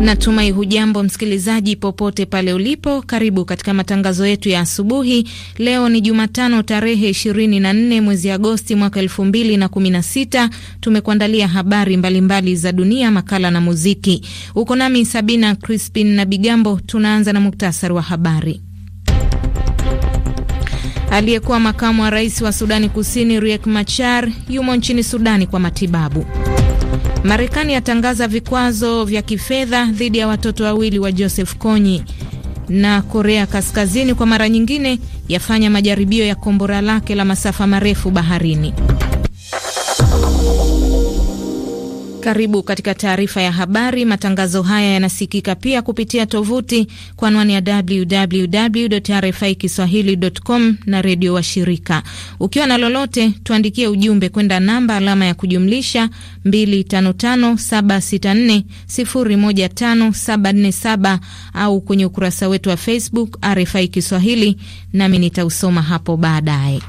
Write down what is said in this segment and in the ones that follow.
Natumai hujambo msikilizaji, popote pale ulipo. Karibu katika matangazo yetu ya asubuhi. Leo ni Jumatano, tarehe 24 mwezi Agosti mwaka 2016. Tumekuandalia habari mbalimbali mbali za dunia, makala na muziki. Uko nami Sabina Crispin na Bigambo. Tunaanza na muktasari wa habari. Aliyekuwa makamu wa rais wa Sudani Kusini Riek Machar yumo nchini Sudani kwa matibabu. Marekani yatangaza vikwazo vya kifedha dhidi ya watoto wawili wa Joseph Kony, na Korea Kaskazini kwa mara nyingine yafanya majaribio ya kombora lake la masafa marefu baharini. Karibu katika taarifa ya habari. Matangazo haya yanasikika pia kupitia tovuti kwa anwani ya www RFI kiswahilicom na redio wa shirika. Ukiwa na lolote, tuandikie ujumbe kwenda namba alama ya kujumlisha 255764015747 au kwenye ukurasa wetu wa Facebook RFI Kiswahili, nami nitausoma hapo baadaye.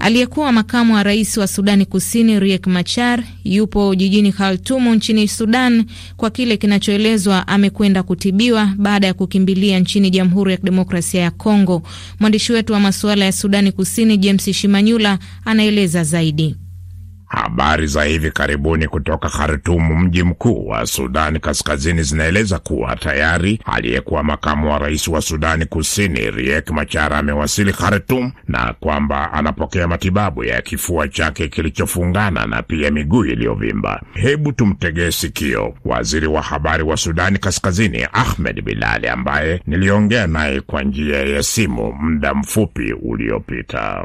Aliyekuwa makamu wa rais wa Sudani Kusini Riek Machar yupo jijini Khartoum nchini Sudan kwa kile kinachoelezwa amekwenda kutibiwa baada ya kukimbilia nchini Jamhuri ya Kidemokrasia ya Kongo. Mwandishi wetu wa masuala ya Sudani Kusini James Shimanyula anaeleza zaidi. Habari za hivi karibuni kutoka Khartumu, mji mkuu wa Sudani Kaskazini, zinaeleza kuwa tayari aliyekuwa makamu wa rais wa Sudani Kusini Riek Machar amewasili khartum na kwamba anapokea matibabu ya kifua chake kilichofungana na pia miguu iliyovimba. Hebu tumtegee sikio waziri wa habari wa Sudani Kaskazini Ahmed Bilali ambaye niliongea naye kwa njia ya simu muda mfupi uliopita.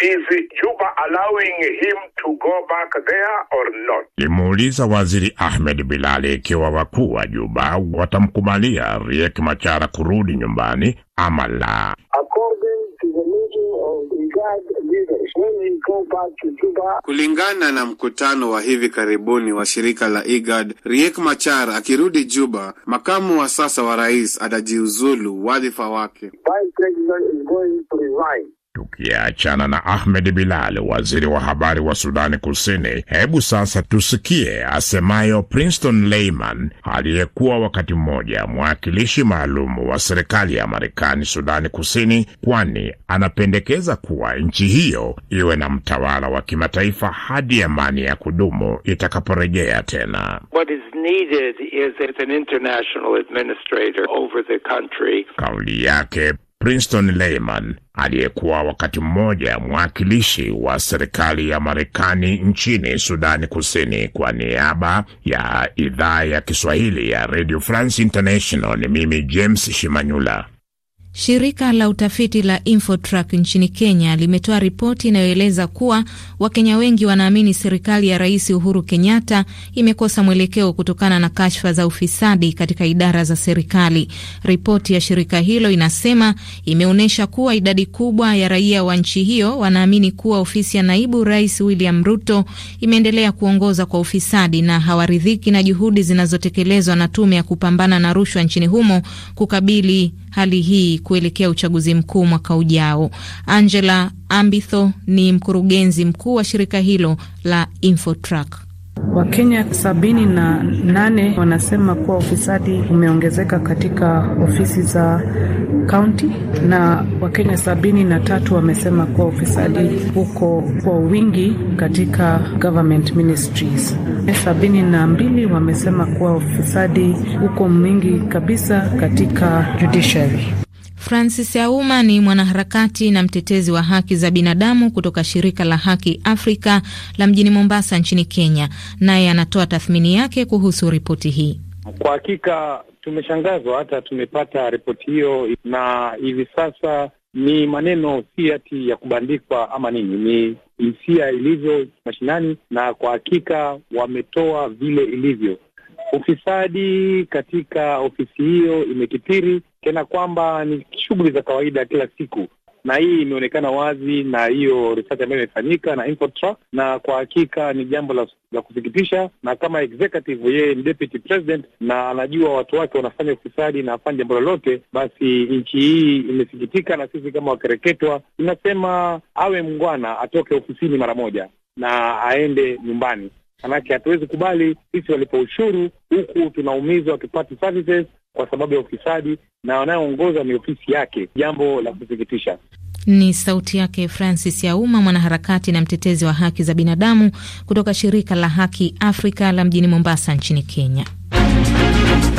Is Juba allowing him to go back there or not? Limuuliza Waziri Ahmed Bilali ikiwa wakuu wa Juba watamkubalia Riek Machara kurudi nyumbani ama la. Kulingana na mkutano wa hivi karibuni wa shirika la IGAD, Riek Machar akirudi Juba, makamu wa sasa wa rais atajiuzulu wadhifa wake. Tukiachana na Ahmed Bilal, waziri wa habari wa Sudani Kusini, hebu sasa tusikie asemayo Princeton Leyman, aliyekuwa wakati mmoja mwakilishi maalum wa serikali ya Marekani Sudani Kusini, kwani anapendekeza kuwa nchi hiyo iwe na mtawala wa kimataifa hadi amani ya kudumu itakaporejea tena. What is needed is an international administrator over the country. Kauli yake Princeton Lehman aliyekuwa wakati mmoja mwakilishi wa serikali ya Marekani nchini Sudani Kusini. Kwa niaba ya idhaa ya Kiswahili ya Radio France International, ni mimi James Shimanyula. Shirika la utafiti la Infotrack nchini Kenya limetoa ripoti inayoeleza kuwa Wakenya wengi wanaamini serikali ya Rais Uhuru Kenyatta imekosa mwelekeo kutokana na kashfa za ufisadi katika idara za serikali. Ripoti ya shirika hilo inasema imeonyesha kuwa idadi kubwa ya raia wa nchi hiyo wanaamini kuwa ofisi ya naibu rais William Ruto imeendelea kuongoza kwa ufisadi na hawaridhiki na juhudi zinazotekelezwa na tume ya kupambana na rushwa nchini humo kukabili hali hii kuelekea uchaguzi mkuu mwaka ujao. Angela Ambitho ni mkurugenzi mkuu wa shirika hilo la Infotrack. Wakenya sabini na nane wanasema kuwa ufisadi umeongezeka katika ofisi za kaunti, na Wakenya sabini na tatu wamesema kuwa ufisadi uko kwa wingi katika government ministries. Sabini na mbili wamesema kuwa ufisadi uko mwingi kabisa katika judiciary. Francis Auma ni mwanaharakati na mtetezi wa haki za binadamu kutoka shirika la Haki Afrika la mjini Mombasa nchini Kenya, naye anatoa tathmini yake kuhusu ripoti hii. Kwa hakika tumeshangazwa, hata tumepata ripoti hiyo, na hivi sasa ni maneno si ati ya kubandikwa ama nini, ni hisia ilivyo mashinani, na kwa hakika wametoa vile ilivyo. Ufisadi katika ofisi hiyo imekithiri tena kwamba ni shughuli za kawaida kila siku, na hii imeonekana wazi na hiyo research ambayo imefanyika na infotra, na kwa hakika ni jambo la, la kusikitisha. Na kama executive, yeye ni deputy president na anajua watu wake wanafanya ufisadi na afanya jambo lolote, basi nchi hii imesikitika, na sisi kama wakereketwa inasema awe mngwana, atoke ofisini mara moja na aende nyumbani, manake hatuwezi kubali sisi walipo ushuru huku tunaumizwa, tupati services kwa sababu ya ufisadi na wanayoongoza ni ofisi yake, jambo la kusikitisha. Ni sauti yake Francis Yauma, mwanaharakati na mtetezi wa haki za binadamu kutoka shirika la Haki Afrika la mjini Mombasa nchini Kenya.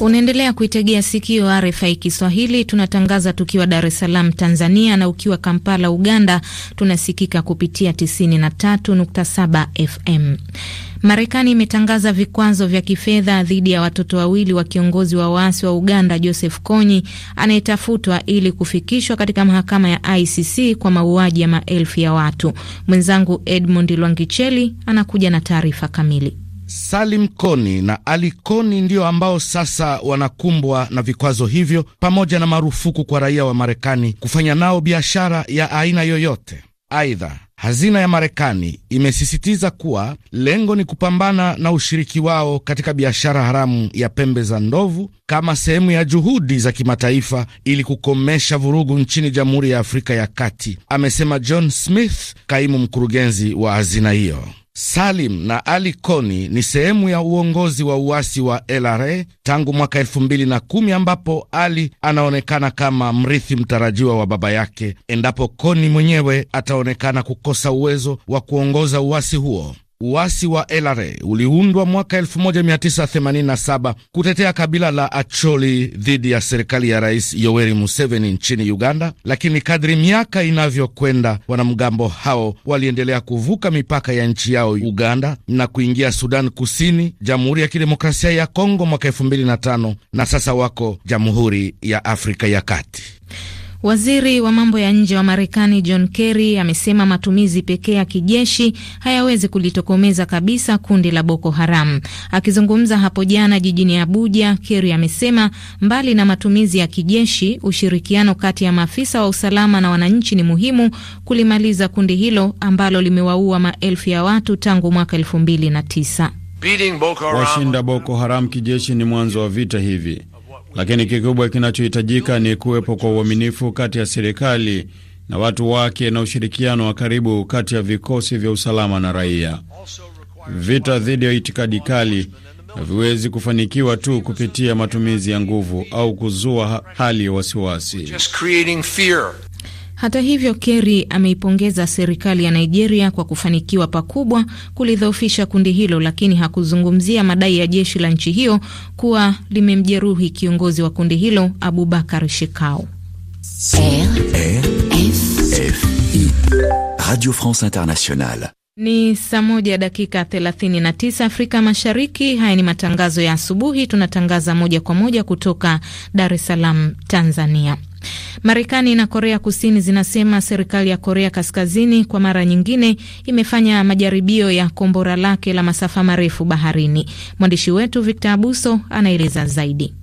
Unaendelea kuitegea sikio RFI Kiswahili, tunatangaza tukiwa Dar es Salaam, Tanzania, na ukiwa Kampala, Uganda, tunasikika kupitia 93.7 FM. Marekani imetangaza vikwazo vya kifedha dhidi ya watoto wawili wa kiongozi wa waasi wa Uganda Joseph Kony anayetafutwa ili kufikishwa katika mahakama ya ICC kwa mauaji ya maelfu ya watu. Mwenzangu Edmund Lwangicheli anakuja na taarifa kamili. Salim Koni na Ali Koni ndio ambao sasa wanakumbwa na vikwazo hivyo pamoja na marufuku kwa raia wa Marekani kufanya nao biashara ya aina yoyote. Aidha, hazina ya Marekani imesisitiza kuwa lengo ni kupambana na ushiriki wao katika biashara haramu ya pembe za ndovu kama sehemu ya juhudi za kimataifa ili kukomesha vurugu nchini Jamhuri ya Afrika ya Kati, amesema John Smith, kaimu mkurugenzi wa hazina hiyo. Salim na Ali Koni ni sehemu ya uongozi wa uasi wa LRA tangu mwaka elfu mbili na kumi ambapo Ali anaonekana kama mrithi mtarajiwa wa baba yake endapo Koni mwenyewe ataonekana kukosa uwezo wa kuongoza uasi huo. Uasi wa LRA uliundwa mwaka 1987 kutetea kabila la Acholi dhidi ya serikali ya Rais Yoweri Museveni nchini Uganda, lakini kadri miaka inavyokwenda, wanamgambo hao waliendelea kuvuka mipaka ya nchi yao Uganda na kuingia Sudan Kusini, Jamhuri ya Kidemokrasia ya Kongo mwaka 2005 na sasa wako Jamhuri ya Afrika ya Kati. Waziri wa mambo ya nje wa Marekani John Kerry amesema matumizi pekee ya kijeshi hayawezi kulitokomeza kabisa kundi la Boko Haram. Akizungumza hapo jana jijini Abuja, Kerry amesema mbali na matumizi ya kijeshi, ushirikiano kati ya maafisa wa usalama na wananchi ni muhimu kulimaliza kundi hilo ambalo limewaua maelfu ya watu tangu mwaka elfu mbili na tisa. Washinda Boko Haram kijeshi ni mwanzo wa vita hivi lakini kikubwa kinachohitajika ni kuwepo kwa uaminifu kati ya serikali na watu wake na ushirikiano wa karibu kati ya vikosi vya usalama na raia. Vita dhidi ya itikadi kali haviwezi kufanikiwa tu kupitia matumizi ya nguvu au kuzua hali ya wasiwasi. Hata hivyo, keri ameipongeza serikali ya Nigeria kwa kufanikiwa pakubwa kulidhoofisha kundi hilo, lakini hakuzungumzia madai ya jeshi la nchi hiyo kuwa limemjeruhi kiongozi wa kundi hilo Abubakar Shekau. Radio France Internationale. Ni saa moja dakika 39 Afrika Mashariki. Haya ni matangazo ya asubuhi, tunatangaza moja kwa moja kutoka Dar es Salaam, Tanzania. Marekani na Korea Kusini zinasema serikali ya Korea Kaskazini kwa mara nyingine imefanya majaribio ya kombora lake la masafa marefu baharini. Mwandishi wetu Victor Abuso anaeleza zaidi.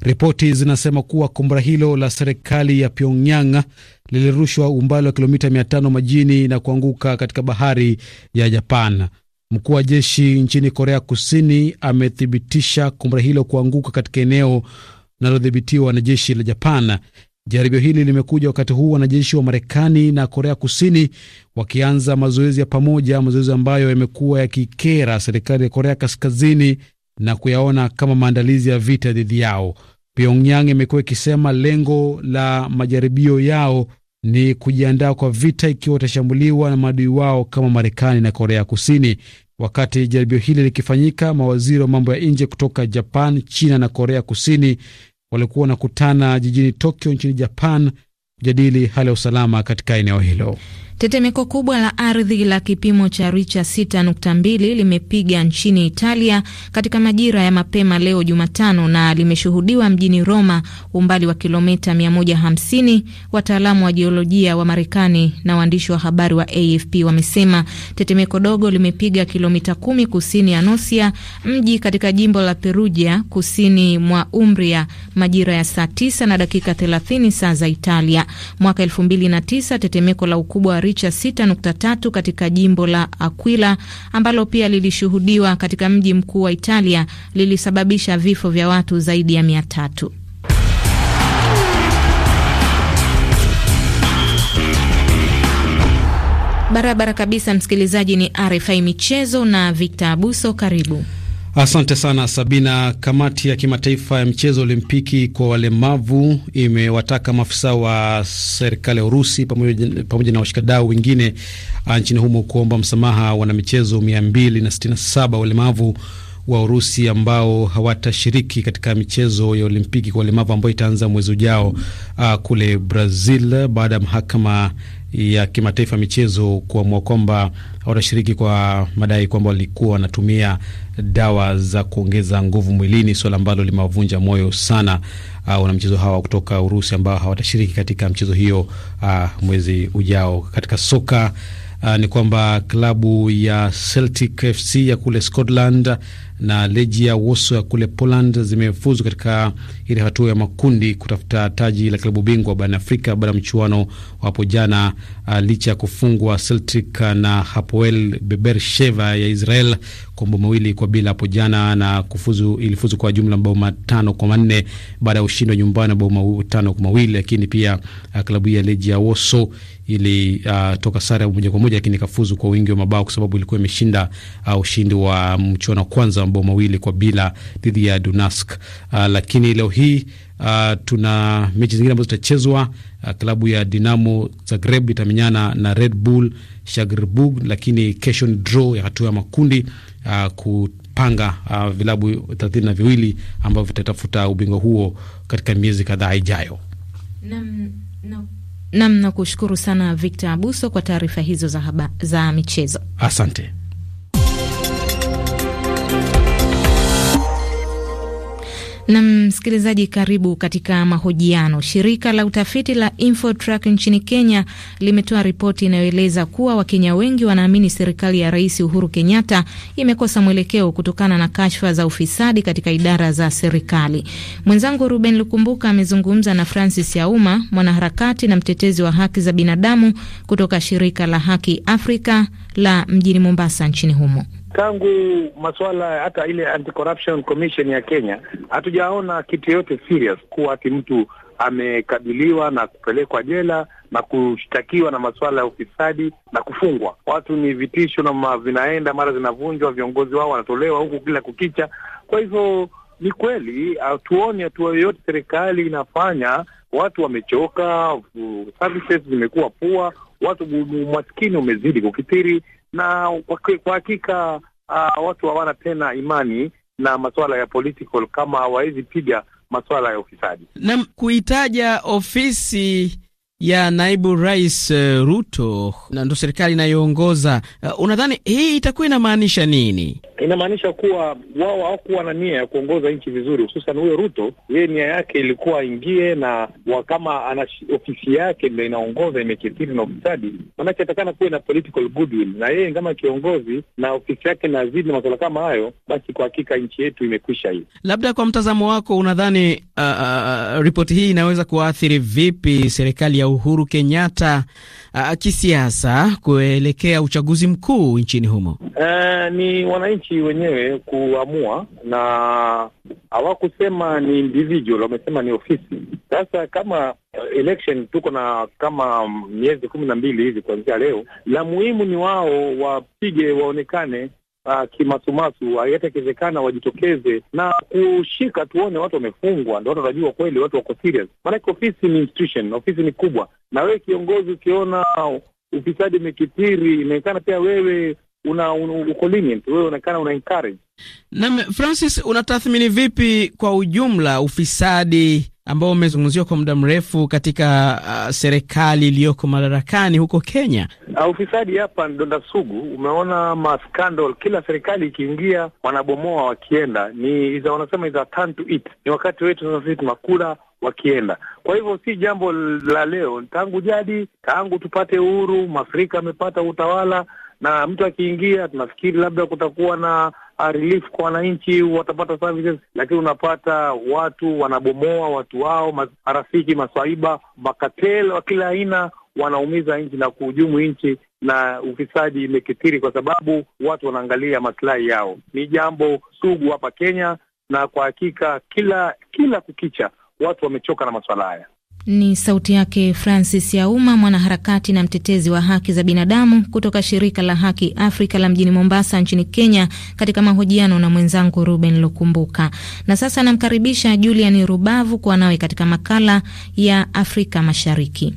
Ripoti zinasema kuwa kombora hilo la serikali ya Pyongyang lilirushwa umbali wa kilomita 500 majini na kuanguka katika bahari ya Japan. Mkuu wa jeshi nchini Korea Kusini amethibitisha kombora hilo kuanguka katika eneo linalodhibitiwa na jeshi la Japan. Jaribio hili limekuja wakati huu wanajeshi wa Marekani na Korea Kusini wakianza mazoezi ya pamoja, mazoezi ambayo yamekuwa yakikera serikali ya Korea Kaskazini na kuyaona kama maandalizi ya vita dhidi yao. Pyongyang imekuwa ikisema lengo la majaribio yao ni kujiandaa kwa vita ikiwa watashambuliwa na maadui wao kama Marekani na Korea Kusini. Wakati jaribio hili likifanyika, mawaziri wa mambo ya nje kutoka Japan, China na Korea Kusini walikuwa wanakutana jijini Tokyo nchini Japan kujadili hali ya usalama katika eneo hilo. Tetemeko kubwa la ardhi la kipimo cha richa 6.2 limepiga nchini Italia katika majira ya mapema leo Jumatano na limeshuhudiwa mjini Roma, umbali wa kilomita 150. Wataalamu wa jiolojia wa Marekani na waandishi wa habari wa AFP wamesema tetemeko dogo limepiga kilomita 10 kusini ya Nosia, mji katika jimbo la Perugia, kusini mwa Umbria, majira ya saa 9 na dakika 30 saa za Italia. Mwaka 2009 tetemeko la ukubwa kimbari 6.3 katika jimbo la Aquila ambalo pia lilishuhudiwa katika mji mkuu wa Italia lilisababisha vifo vya watu zaidi ya tatu. Barabara kabisa, msikilizaji. Ni RFI Michezo na Victor Abuso, karibu. Asante sana Sabina. Kamati ya kimataifa ya mchezo Olimpiki kwa walemavu imewataka maafisa wa serikali ya Urusi pamoja, na washikadau wengine ah, nchini humo kuomba msamaha wanamichezo 267 walemavu wa Urusi ambao hawatashiriki katika michezo ya Olimpiki kwa walemavu ambayo itaanza mwezi ujao uh, kule Brazil baada ya mahakama ya kimataifa michezo kuamua kwamba hawatashiriki kwa madai kwamba walikuwa wanatumia dawa za kuongeza nguvu mwilini, suala ambalo limewavunja moyo sana uh, wanamchezo hawa kutoka Urusi ambao hawatashiriki katika mchezo hiyo uh, mwezi ujao. Katika soka uh, ni kwamba klabu ya Celtic FC ya kule Scotland na Legia Warsaw ya kule Poland zimefuzu katika ile hatua ya makundi kutafuta taji la klabu bingwa barani Afrika baada ya mchuano hapo jana, uh, licha ya kufungwa Celtic na Hapoel Beber Sheva ya Israel kwa mabao mawili kwa bila hapo jana, na kufuzu ilifuzu kwa jumla mabao matano kwa manne baada ya ushindi wa nyumbani mabao matano kwa mawili, lakini pia uh, klabu ya Legia Warsaw ilitoka uh, sare moja kwa moja, lakini ikafuzu kwa wingi wa mabao kwa sababu ilikuwa imeshinda uh, ushindi wa mchuano wa kwanza mabao mawili kwa bila dhidi ya Dunask. Uh, lakini leo hii uh, tuna mechi zingine ambazo zitachezwa. Uh, klabu ya Dinamo Zagreb itamenyana na Red Bull Shagribug, lakini kesho ni draw ya hatua ya makundi uh, kupanga uh, vilabu thelathini na viwili ambavyo vitatafuta ubingwa huo katika miezi kadhaa ijayo. Nam na, kushukuru sana Victor Abuso kwa taarifa hizo za, haba, za michezo. Asante. Na msikilizaji, karibu katika mahojiano. Shirika la utafiti la Infotrack nchini Kenya limetoa ripoti inayoeleza kuwa Wakenya wengi wanaamini serikali ya Rais Uhuru Kenyatta imekosa mwelekeo kutokana na kashfa za ufisadi katika idara za serikali. Mwenzangu Ruben Lukumbuka amezungumza na Francis Yauma, mwanaharakati na mtetezi wa haki za binadamu kutoka shirika la Haki Afrika la mjini Mombasa nchini humo tangu masuala hata ile anti-corruption commission ya Kenya hatujaona kitu yoyote serious kuwa ati mtu amekabiliwa na kupelekwa jela na kushtakiwa na masuala ya ufisadi na kufungwa. Watu ni vitisho na ma vinaenda mara zinavunjwa, viongozi wao wanatolewa huku kila kukicha. Kwa hivyo ni kweli hatuoni hatua yoyote serikali inafanya. Watu wamechoka, services zimekuwa pua, watu umaskini umezidi kukithiri na kwa hakika uh, watu hawana tena imani na masuala ya political kama piga masuala ya ufisadi. Na kuitaja ofisi ya naibu rais uh, Ruto na ndo serikali inayoongoza uh, unadhani hii itakuwa inamaanisha nini? Inamaanisha kuwa wao hawakuwa na nia ya kuongoza nchi vizuri, hususan huyo Ruto. Yeye nia yake ilikuwa aingie na kama ana ofisi yake ndo inaongoza imekithiri na ufisadi, maanake atakana kuwe na political goodwill, na yeye kama kiongozi na ofisi yake nazidi na masuala kama hayo, basi kwa hakika nchi yetu imekwisha. Hii labda kwa mtazamo wako unadhani uh, uh, uh ripoti hii inaweza kuathiri vipi serikali ya Uhuru Kenyatta uh, kisiasa kuelekea uchaguzi mkuu nchini humo? Uh, ni wananchi wenyewe kuamua, na hawakusema ni individual, wamesema ni ofisi. Sasa kama election tuko na kama miezi kumi na mbili hivi kuanzia leo, la muhimu ni wao wapige, waonekane uh, kimasumasu, yatakiwezekana wajitokeze na kushika, tuone watu wamefungwa, ndo watu watajua kweli watu wako serious. Maanake ofisi ni institution, ofisi ni kubwa, na wewe kiongozi ukiona ufisadi umekithiri, inaonekana pia wewe una uko lenient, wewe unaonekana una encourage. Na Francis, unatathmini vipi kwa ujumla ufisadi ambao umezungumziwa kwa muda mrefu katika uh, serikali iliyoko madarakani huko Kenya. Uh, ufisadi hapa ni donda sugu. Umeona maskandal, kila serikali ikiingia wanabomoa, wakienda ni iza, wanasema iza turn to ni wakati wetu sasa, sisi tunakula wakienda. Kwa hivyo si jambo la leo, tangu jadi, tangu tupate uhuru, Mafrika amepata utawala, na mtu akiingia tunafikiri labda kutakuwa na relief kwa wananchi, watapata services, lakini unapata watu wanabomoa watu wao, marafiki, maswaiba, makatel wa kila aina wanaumiza nchi na kuhujumu nchi, na ufisadi imekithiri kwa sababu watu wanaangalia maslahi yao. Ni jambo sugu hapa Kenya, na kwa hakika kila kila kukicha watu wamechoka na maswala haya. Ni sauti yake Francis Yauma, mwanaharakati na mtetezi wa haki za binadamu kutoka shirika la Haki Afrika la mjini Mombasa nchini Kenya, katika mahojiano na mwenzangu Ruben Lukumbuka. Na sasa anamkaribisha Julian Rubavu kuwa nawe katika makala ya Afrika Mashariki.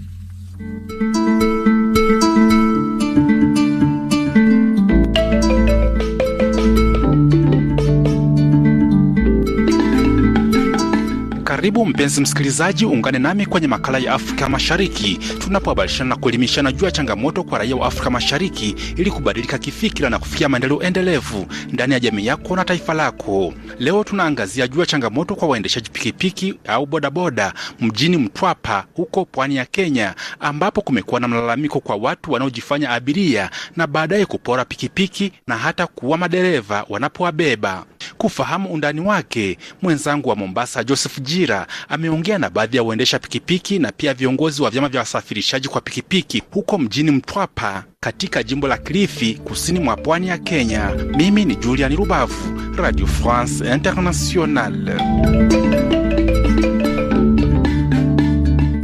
Karibu mpenzi msikilizaji, uungane nami kwenye makala ya Afrika Mashariki tunapohabarishana na kuelimishana juu ya changamoto kwa raia wa Afrika Mashariki ili kubadilika kifikira na kufikia maendeleo endelevu ndani ya jamii yako na taifa lako. Leo tunaangazia juu ya changamoto kwa waendeshaji pikipiki au bodaboda mjini Mtwapa huko pwani ya Kenya, ambapo kumekuwa na malalamiko kwa watu wanaojifanya abiria na baadaye kupora pikipiki na hata kuwa madereva wanapowabeba. Kufahamu undani wake, mwenzangu wa Mombasa Joseph Jira ameongea na baadhi ya waendesha pikipiki na pia viongozi wa vyama vya wasafirishaji kwa pikipiki huko mjini Mtwapa katika jimbo la Kilifi kusini mwa pwani ya Kenya. Mimi ni Julian Rubavu, Radio France Internationale.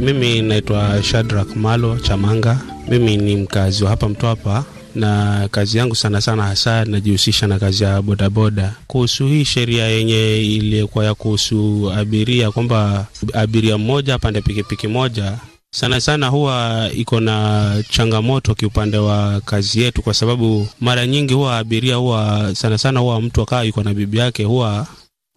Mimi naitwa Shadrack Malo Chamanga. Mimi ni mkazi wa hapa Mtwapa na kazi yangu sana sana hasa najihusisha na kazi ya bodaboda. Kuhusu hii sheria yenye iliyokuwa ya kuhusu abiria kwamba abiria mmoja apande pikipiki moja, sana sana huwa iko na changamoto kiupande wa kazi yetu, kwa sababu mara nyingi huwa abiria huwa sana sana huwa mtu akaa yuko na bibi yake, huwa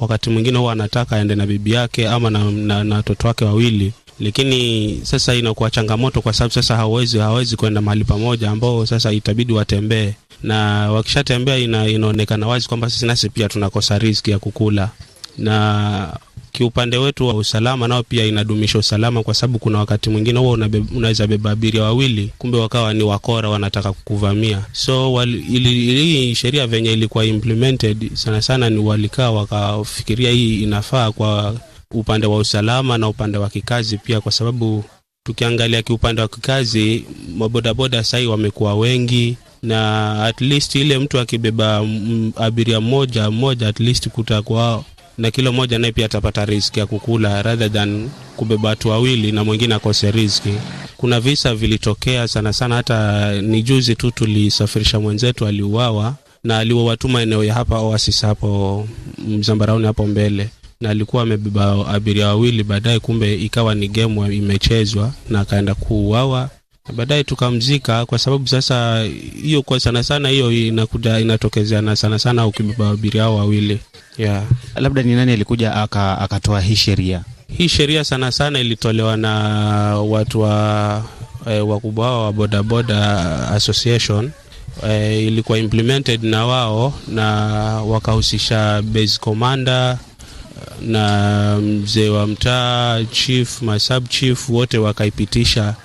wakati mwingine huwa anataka aende na bibi yake ama na watoto wake wawili lakini sasa inakuwa changamoto kwa sababu sasa hawezi hawezi kwenda mahali pamoja, ambao sasa itabidi watembee, na wakishatembea ina, inaonekana wazi kwamba sisi nasi pia tunakosa riski ya kukula na kiupande wetu wa usalama nao pia inadumisha usalama, kwa sababu kuna wakati mwingine huwa unaweza beba abiria wawili, kumbe wakawa ni wakora wanataka kukuvamia. So hii sheria venye ilikuwa implemented sana sana ni walikaa wakafikiria hii inafaa kwa upande wa usalama na upande wa kikazi pia, kwa sababu tukiangalia kiupande wa kikazi mabodaboda sahii wamekuwa wengi na at least ile mtu akibeba abiria mmoja mmoja, at least kutakuwa na kila moja, naye pia atapata riski ya kukula rather than kubeba watu wawili na mwingine akose riski. Kuna visa vilitokea sana sana, hata ni juzi tu tulisafirisha mwenzetu aliuawa, na aliwawatuma eneo ya hapa Oasis hapo Mzambarauni hapo mbele na alikuwa amebeba abiria wawili, baadaye kumbe ikawa ni game imechezwa na akaenda kuuawa na baadaye tukamzika, kwa sababu sasa hiyo kwa sana sana hiyo inakuja inatokezeana sana sana ukibeba abiria hao wawili yeah. Labda ni nani alikuja akatoa hii sheria? Hii sheria sana sana ilitolewa na watu wa e, wakubwa wao wa bodaboda association e, ilikuwa implemented na wao na wakahusisha base commander na mzee wa mtaa chief, sub chief wote wakaipitisha.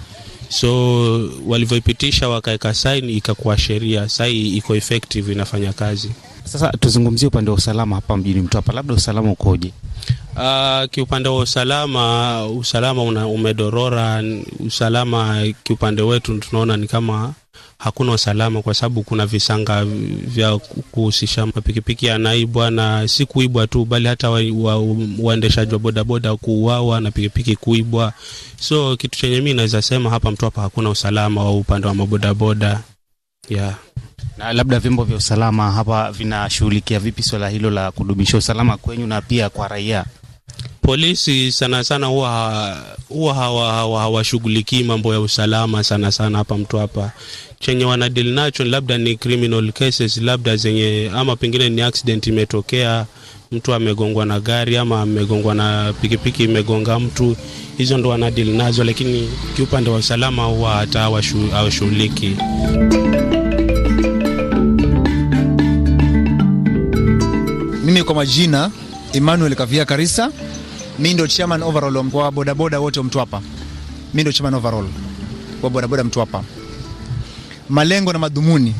So walivyoipitisha wakaweka saini, ikakuwa sheria sai, iko effective, inafanya kazi. Sasa tuzungumzie upande wa usalama hapa mjini Mtwapa, labda usalama ukoje? Uh, kiupande wa usalama, usalama una, umedorora. Usalama kiupande wetu tunaona ni kama hakuna usalama, kwa sababu kuna visanga vya kuhusisha mapikipiki yanaibwa, na si kuibwa tu, bali hata waendeshaji wa, wa bodaboda kuuawa na pikipiki kuibwa. So kitu chenye mi naweza sema hapa Mtwapa hakuna usalama wa upande wa mabodaboda yeah. Na labda vyombo vya usalama hapa vinashughulikia vipi swala hilo la kudumisha usalama kwenyu na pia kwa raia? polisi sana sana huwa huwa hawa, hawa mambo ya usalama sana sana hapa mtu hapa chenye wanadili nacho labda ni criminal cases, labda zenye ama pengine ni accident imetokea, mtu amegongwa na gari ama amegongwa na pikipiki imegonga mtu, hizo ndo wanadili nazo, lakini kiupande wa usalama huwa hata hawashughuliki. Mimi kwa majina Emmanuel Kavia Karisa mi ndo chairman overall wa mkoa wa bodaboda wote Mtwapa. Mi ndo chairman overall wa bodaboda Mtwapa. Malengo na madhumuni,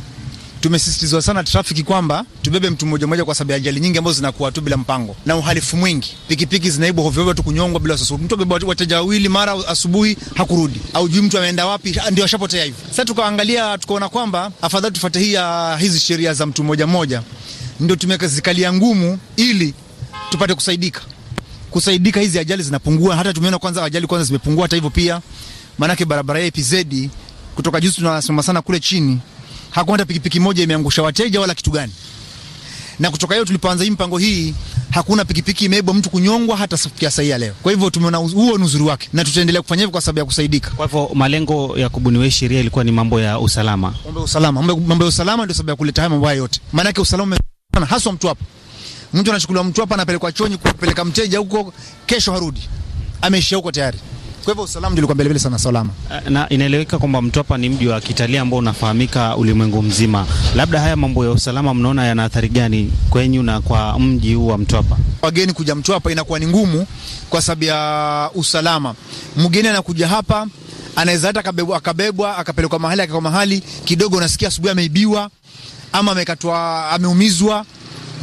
tumesisitizwa sana trafiki kwamba tubebe mtu mmoja mmoja, kwa sababu ya ajali nyingi ambazo zinakuwa tu bila mpango na uhalifu mwingi. Pikipiki zinaibwa hovyo hovyo tu, kunyongwa bila sababu. Mtu abeba wateja wawili, mara asubuhi hakurudi, au haujui mtu ameenda wapi, ndio ashapotea hivi. Sasa tukaangalia, tukaona kwamba afadhali tufuate hii uh, hizi sheria za mtu mmoja mmoja, ndio tumeweka zikalia ngumu ili tupate kusaidika kusaidika, hizi ajali zinapungua. Hata tumeona kwanza ajali kwanza zimepungua. Hata hivyo pia, maanake barabara ya EPZ kutoka juzi tunasema sana kule chini, hakuna hata pikipiki moja imeangusha wateja wala kitu gani. Na kutoka hiyo tulipoanza hii mpango hii, hakuna pikipiki imeibwa mtu kunyongwa hata sikia sahi ya leo. Kwa hivyo tumeona huo ni uzuri wake, na tutaendelea kufanya hivyo kwa sababu ya kusaidika. Kwa hivyo malengo ya kubuniwa hii sheria ilikuwa ni mambo ya usalama, mambo ya usalama, mambo ya usalama ndio sababu ya kuleta haya mambo yote, maanake usalama umesana haswa mtu hapo mtu anachukuliwa mtu hapa anapelekwa Chonyi kupeleka mteja huko, kesho harudi, ameishia huko tayari. Kwa hivyo usalama ndio ulikuwa mbele mbele sana salama. Eh, na inaeleweka kwamba Mtwapa ni mji wa kitalii ambao unafahamika ulimwengu mzima. Labda haya mambo ya usalama mnaona yana athari gani kwenyu na kwa mji huu wa Mtwapa? Wageni kuja Mtwapa inakuwa ni ngumu kwa sababu ya usalama. Mgeni anakuja hapa anaweza hata akabebwa akabebwa akapelekwa mahali akakaa mahali kidogo, unasikia asubuhi ameibiwa ama amekatwa, ameumizwa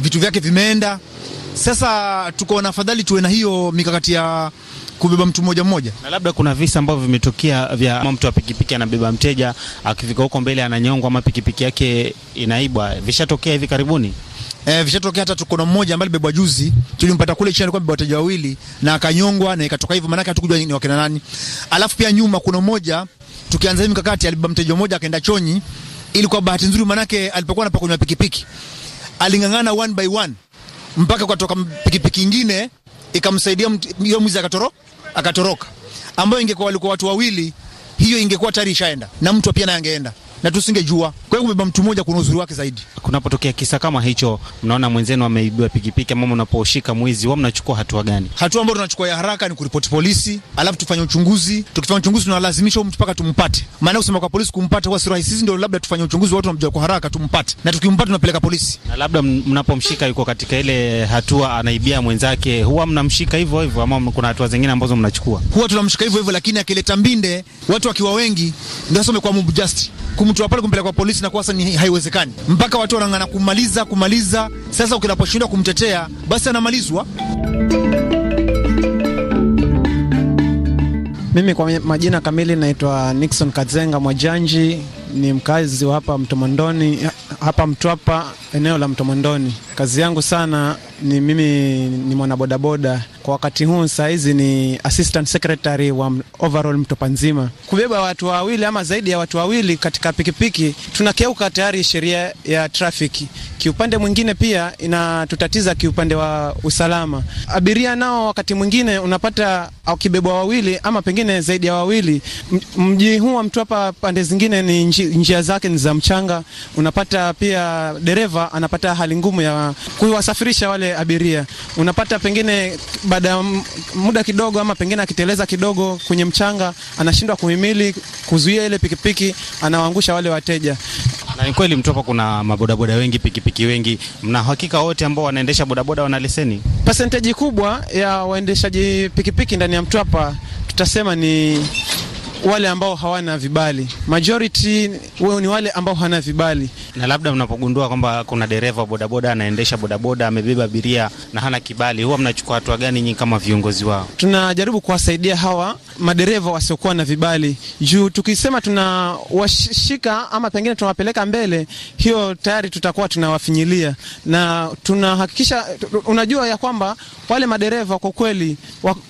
vitu vyake vimeenda. Sasa tukaona afadhali tuwe na hiyo mikakati ya kubeba mtu mmoja mmoja, na labda kuna visa ambavyo vimetokea vya mtu wa pikipiki anabeba mteja, akifika huko mbele ananyongwa ama pikipiki yake inaibwa. Vishatokea hivi karibuni? Eh, vishatokea. Hata tuko na mmoja ambaye alibebwa juzi, tulimpata kule chini, alikuwa amebeba wateja wawili na akanyongwa na ikatoka hivyo, maana hatukujua ni wakina nani. Alafu pia nyuma kuna mmoja, tukianza hivi mkakati, alibeba mteja mmoja akaenda Chonyi, ili kwa bahati nzuri, maanake alipokuwa anapakunywa pikipiki aling'ang'ana one by one mpaka ukatoka pikipiki ingine ikamsaidia hiyo mwizi akatoro, akatoroka, ambayo ingekuwa walikuwa watu wawili, hiyo ingekuwa tayari ishaenda na mtu pia naye angeenda na tusingejua. Kwa hiyo kubeba mtu mmoja kuna uzuri wake zaidi. Kunapotokea kisa kama hicho, mnaona mwenzenu ameibiwa pikipiki, ama mnaposhika mwizi wao, mnachukua hatua gani? Hatua ambayo tunachukua ya haraka ni kuripoti polisi, alafu tufanye uchunguzi. Tukifanya uchunguzi, tunalazimisha mtu mpaka tumpate, maana kusema kwa polisi kumpata huwa si rahisi. ndio labda tufanye uchunguzi, watu wanamjua kwa haraka, tumpate, na tukimpata tunapeleka polisi. Na labda mnapomshika yuko katika ile hatua anaibia mwenzake, huwa mnamshika hivyo hivyo ama kuna hatua zingine ambazo mnachukua? Huwa tunamshika hivyo hivyo, lakini akileta mbinde, watu wakiwa wengi, ndio sasa umekuwa mob kumtoa pale kumpeleka kwa polisi na kwa sasa ni haiwezekani, mpaka watu wanang'ana kumaliza kumaliza. Sasa ukinaposhindwa kumtetea, basi anamalizwa. Mimi kwa majina kamili naitwa Nixon Kazenga Mwajanji, ni mkazi wa hapa Mtomondoni hapa Mtwapa eneo la mtomondoni Kazi yangu sana ni mimi ni mwanabodaboda kwa wakati huu sahizi ni assistant secretary wa overall Mtopanzima. Kubeba watu wawili ama zaidi ya watu wawili katika pikipiki, tunakeuka tayari sheria ya trafiki. Kiupande mwingine pia inatutatiza kiupande wa usalama. Abiria nao wakati mwingine unapata kibebwa wawili ama pengine zaidi ya wawili. Mji huu wa Mtwapa pande zingine ni njia zake ni za mchanga, unapata pia dereva anapata hali ngumu ya kuwasafirisha wale abiria. Unapata pengine baada ya muda kidogo, ama pengine akiteleza kidogo kwenye mchanga, anashindwa kuhimili kuzuia ile pikipiki, anawaangusha wale wateja. Na ni kweli Mtwapa kuna mabodaboda wengi, pikipiki wengi. Mna hakika wote ambao wanaendesha bodaboda wana leseni? Percentage kubwa ya waendeshaji pikipiki ndani ya Mtwapa tutasema ni wale ambao hawana vibali, majority wao ni wale ambao hawana vibali. Na labda mnapogundua kwamba kuna dereva bodaboda anaendesha bodaboda amebeba abiria na hana kibali, huwa mnachukua hatua gani nyinyi kama viongozi wao? Tunajaribu kuwasaidia hawa madereva wasiokuwa na vibali, juu tukisema tunawashika ama pengine tunawapeleka mbele, hiyo tayari tutakuwa tunawafinyilia na tunahakikisha unajua ya kwamba wale madereva kwa kweli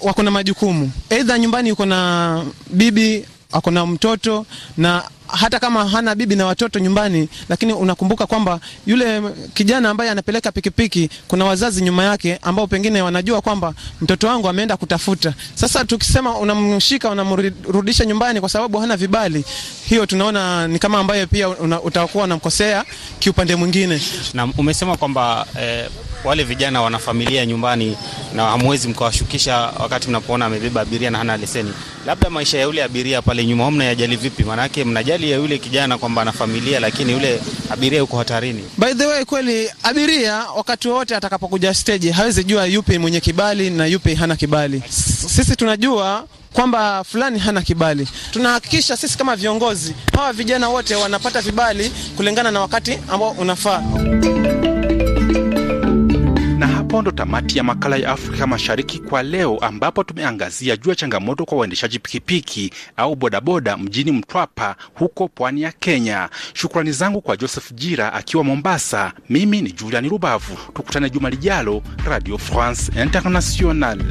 wako na majukumu, aidha nyumbani uko na bibi ako na mtoto na hata kama hana bibi na watoto nyumbani, lakini unakumbuka kwamba yule kijana ambaye anapeleka pikipiki kuna wazazi nyuma yake ambao pengine wanajua kwamba mtoto wangu ameenda kutafuta. Sasa tukisema unamshika unamrudisha nyumbani kwa sababu hana vibali, hiyo tunaona ni kama ambaye pia utakuwa unamkosea kiupande mwingine. Na umesema kwamba eh wale vijana wana familia nyumbani na hamwezi mkawashukisha wakati mnapoona amebeba abiria na hana leseni. Labda maisha ya yule abiria pale nyuma mnayajali vipi? Maanake mnajali ya yule kijana kwamba ana familia, lakini yule abiria yuko hatarini. By the way, kweli abiria wakati wowote atakapokuja stage hawezi jua yupi mwenye kibali na yupi hana kibali. Sisi tunajua kwamba fulani hana kibali. Tunahakikisha sisi kama viongozi hawa vijana wote wanapata vibali kulingana na wakati ambao unafaa hapo ndo tamati ya makala ya Afrika Mashariki kwa leo, ambapo tumeangazia juu ya changamoto kwa waendeshaji pikipiki au bodaboda mjini Mtwapa huko pwani ya Kenya. Shukrani zangu kwa Joseph Jira akiwa Mombasa. Mimi ni Juliani Rubavu, tukutane juma lijalo, Radio France Internationale.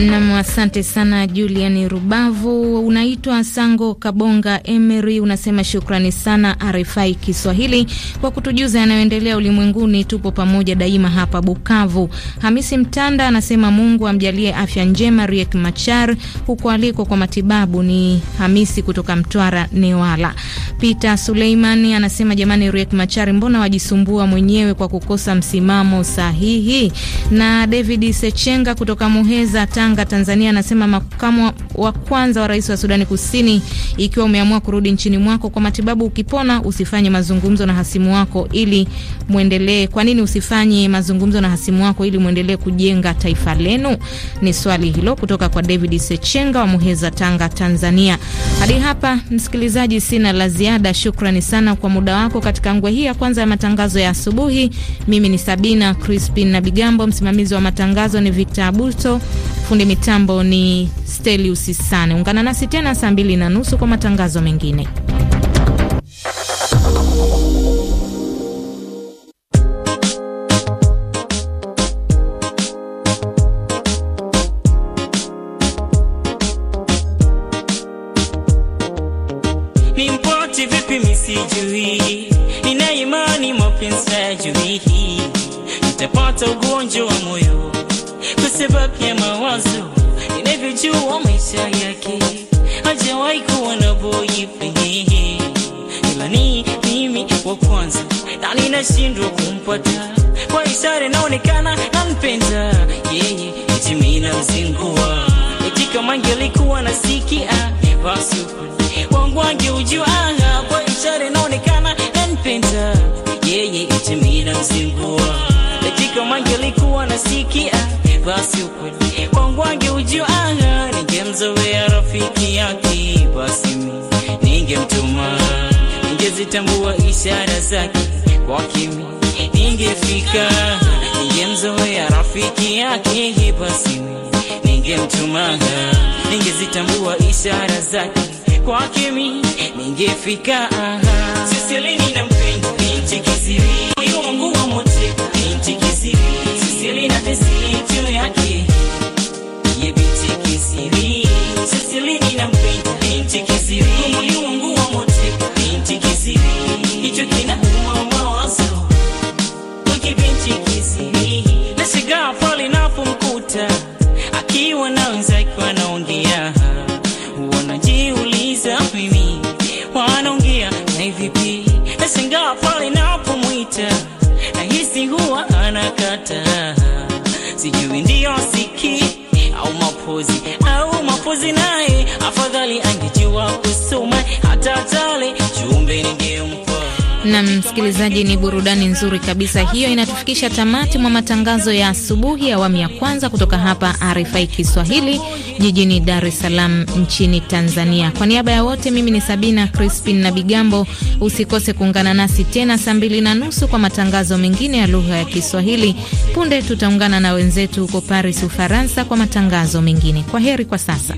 Nam, asante sana Julian Rubavu. Unaitwa Sango Kabonga Emery, unasema shukrani sana RFI Kiswahili kwa kutujuza yanayoendelea ulimwenguni. Tupo pamoja daima hapa Bukavu. Hamisi Mtanda anasema Mungu amjalie afya njema Riek Machar huko aliko kwa matibabu. Ni Hamisi kutoka Mtwara, Newala. Peter Suleimani anasema jamani, Riek Machar mbona wajisumbua mwenyewe kwa kukosa msimamo sahihi? Na David Sechenga kutoka Muheza Tanga Tanga, Tanzania, anasema makamu wa kwanza wa rais wa Sudani Kusini, ikiwa umeamua kurudi nchini mwako kwa matibabu, ukipona usifanye mazungumzo na hasimu wako ili muendelee. Kwa nini usifanye mazungumzo na hasimu wako ili muendelee kujenga taifa lenu? Ni swali hilo kutoka kwa David Sechenga wa Muheza, Tanga, Tanzania. Hadi hapa msikilizaji, sina la ziada. Shukrani sana kwa muda wako katika ngwe hii ya kwanza ya matangazo ya asubuhi. Mimi ni Sabina Crispin na Bigambo, msimamizi wa matangazo ni Victor Abuto. Fundi mitambo ni Stelius Sane. Ungana nasi tena saa mbili na nusu kwa matangazo mengine. nina imani mapenzi ya juu hii nitapata ugonjwa wa moyo sababu ya mawazo inavyojua maisha yake hajawahi kuwa na boyfriend, ila ni mimi wa kwanza na ninashindwa kumpata kwa ishara inaonekana nampenda yeye, eti mimi namzingua, eti kama angelikuwa nasikia basi wangu angeujua, kwa ishara inaonekana nampenda yeye, eti mimi namzingua, eti kama angelikuwa nasikia basi ukweli eh, kwangu angeujua anga, ningemzoea rafiki yake, basi ningemtuma, ningezitambua ishara zake kwa kimi, ningefika, ningemzoea rafiki yake, basi ningemtuma, ningezitambua ishara zake kwa kimi ningefika. Sisi lini na mpenzi, binti kisiri, moyo wangu wa mote, binti kisiri Sili na juu yake kisiri sisili binti kisiri ulimwengu wa mote binti kisiri hicho kina uma mawazo binti kisiri na shigaa napomkuta akiwa na wenzake wanaongea wanajiuliza mimi wanaongea na hivipi na napomwita mbuzi au mapozi, naye afadhali angejua kusoma hata tale chumbe ningempa na msikilizaji, ni burudani nzuri kabisa hiyo. Inatufikisha tamati mwa matangazo ya asubuhi ya awamu ya kwanza kutoka hapa RFI Kiswahili jijini Dar es Salaam nchini Tanzania. Kwa niaba ya wote, mimi ni Sabina Crispin na Bigambo. Usikose kuungana nasi tena saa mbili na nusu kwa matangazo mengine ya lugha ya Kiswahili. Punde tutaungana na wenzetu huko Paris, Ufaransa, kwa matangazo mengine. Kwa heri kwa sasa.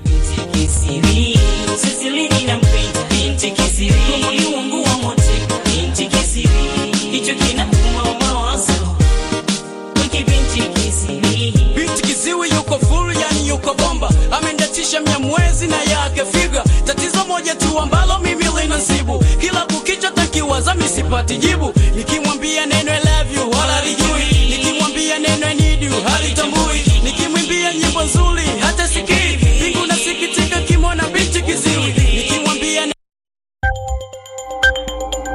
kwa bomba amendatisha mwezi na yake figa. Tatizo moja tu ambalo mimi linasibu kila kukicha, takiwaza misipati jibu, nikimwambia neno I love you wala lijui, nikimwambia neno I need you halitambui